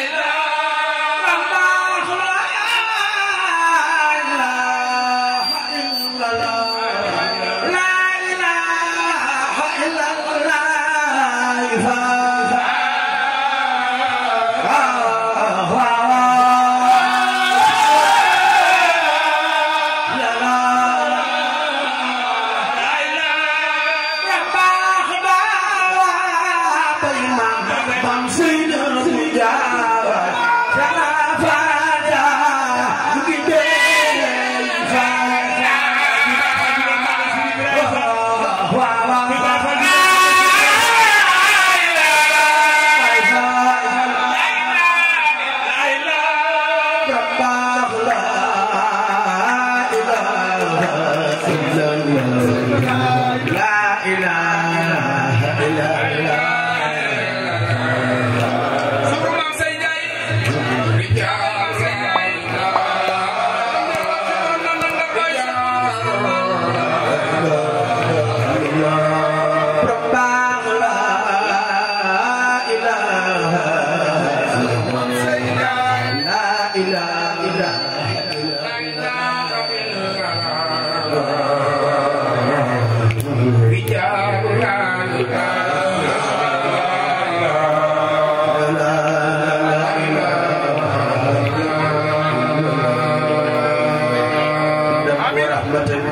la